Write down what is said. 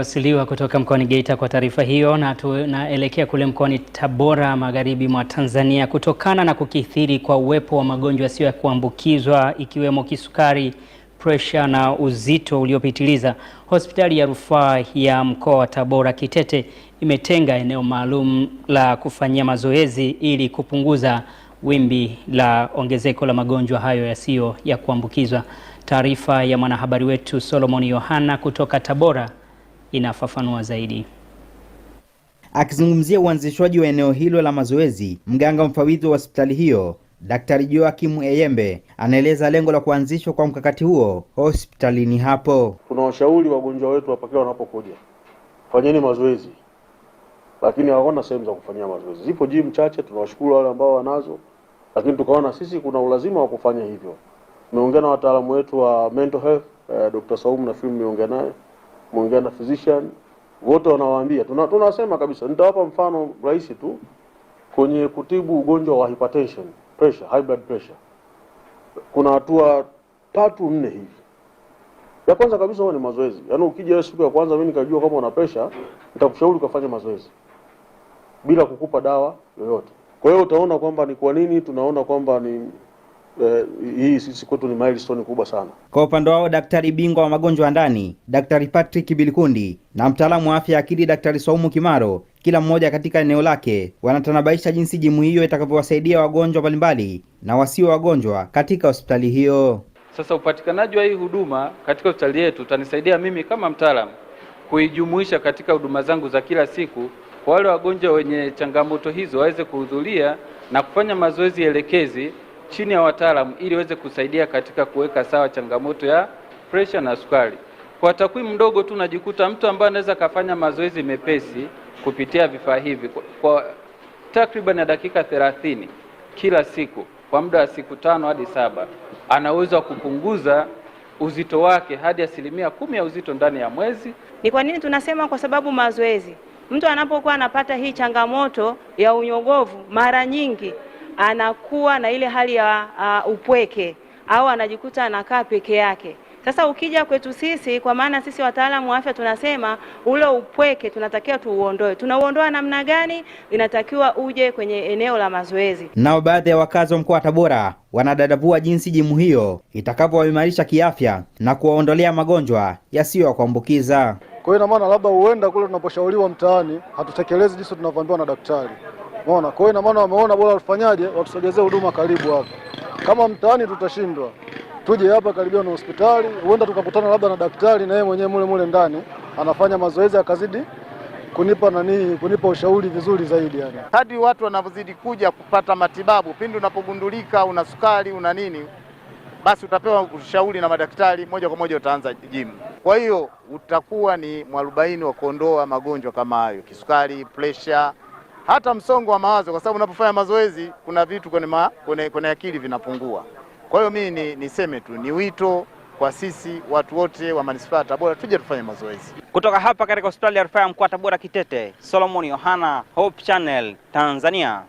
Rosiliwa kutoka mkoani Geita kwa taarifa hiyo, na tunaelekea kule mkoani Tabora magharibi mwa Tanzania kutokana na kukithiri kwa uwepo wa magonjwa yasiyo ya kuambukizwa ikiwemo kisukari, presha na uzito uliopitiliza. Hospitali ya Rufaa ya Mkoa wa Tabora Kitete imetenga eneo maalum la kufanyia mazoezi ili kupunguza wimbi la ongezeko la magonjwa hayo yasiyo ya kuambukizwa. Taarifa ya mwanahabari wetu Solomon Yohana kutoka Tabora inafafanua zaidi. Akizungumzia uanzishwaji wa eneo hilo la mazoezi, mganga mfawidhi wa hospitali hiyo Daktari Joakim Eyembe anaeleza lengo la kuanzishwa kwa mkakati huo hospitalini hapo. Tunawashauri wagonjwa wetu hapa wanapokuja, fanyeni mazoezi, lakini hawana sehemu za kufanyia mazoezi. Zipo jimu chache, tunawashukuru wale ambao wanazo, lakini tukaona sisi kuna ulazima wa kufanya hivyo. Tumeongea na wataalamu wetu wa mental health, eh, Dr. Saumu na Film, nimeongea naye mwongea na physician wote wanawaambia, tunasema kabisa. Nitawapa mfano rahisi tu kwenye kutibu ugonjwa wa hypertension pressure, high blood pressure, kuna hatua tatu nne hivi. Ya kwanza kabisa huwa ni mazoezi. Yaani ukija wewe siku ya kwanza mimi nikajua kama una pressure, nitakushauri ukafanye mazoezi bila kukupa dawa yoyote. Kwa hiyo utaona kwamba ni kwa nini tunaona kwamba ni eh, hii sisi kwetu ni milestone kubwa sana. Kwa upande wao daktari bingwa wa magonjwa ya ndani Daktari Patrick Bilikundi na mtaalamu wa afya akili Daktari Swaumu Kimaro, kila mmoja katika eneo lake, wanatanabaisha jinsi jimu hiyo itakavyowasaidia wagonjwa mbalimbali na wasio wagonjwa katika hospitali hiyo. Sasa upatikanaji wa hii huduma katika hospitali yetu utanisaidia mimi kama mtaalamu kuijumuisha katika huduma zangu za kila siku kwa wale wagonjwa wenye changamoto hizo waweze kuhudhuria na kufanya mazoezi elekezi chini ya wataalamu ili iweze kusaidia katika kuweka sawa changamoto ya presha na sukari. Kwa takwimu ndogo tu najikuta mtu ambaye anaweza akafanya mazoezi mepesi kupitia vifaa hivi kwa, kwa takriban ya dakika 30 kila siku kwa muda wa siku tano hadi saba anaweza kupunguza uzito wake hadi asilimia kumi ya uzito ndani ya mwezi. Ni kwa nini tunasema? Kwa sababu mazoezi, mtu anapokuwa anapata hii changamoto ya unyogovu mara nyingi anakuwa na ile hali ya uh, upweke au anajikuta anakaa peke yake. Sasa ukija kwetu sisi, kwa maana sisi wataalamu wa afya tunasema ule upweke tunatakiwa tuuondoe. Tunauondoa namna gani? Inatakiwa uje kwenye eneo la mazoezi. Nao baadhi ya wakazi wa mkoa wa Tabora wanadadavua jinsi jimu hiyo itakavyowaimarisha kiafya na kuwaondolea magonjwa yasiyo ya kuambukiza. Kwa hiyo ina maana labda huenda kule tunaposhauriwa mtaani hatutekelezi jinsi tunavyoambiwa na daktari. Umeona? Kwa hiyo ina maana wameona bora tufanyaje, watusogezee huduma karibu hapa. Kama mtaani tutashindwa, tuje hapa karibia na hospitali, huenda tukakutana labda na daktari na yeye mwenyewe mule mule ndani anafanya mazoezi akazidi kunipa nani, kunipa ushauri vizuri zaidi yani. Hadi watu wanavyozidi kuja kupata matibabu, pindi unapogundulika una sukari una nini, basi utapewa ushauri na madaktari moja kwa moja utaanza jimu. Kwa hiyo utakuwa ni mwarobaini wa kuondoa magonjwa kama hayo, kisukari, pressure hata msongo wa mawazo, kwa sababu unapofanya mazoezi kuna vitu kwenye, ma, kwenye, kwenye akili vinapungua. Kwa hiyo mimi niseme ni tu ni wito kwa sisi watu wote wa manispaa ya Tabora tuje tufanye mazoezi. Kutoka hapa katika hospitali ya rufaa ya mkoa Tabora Kitete, Solomon Yohana, Hope Channel Tanzania.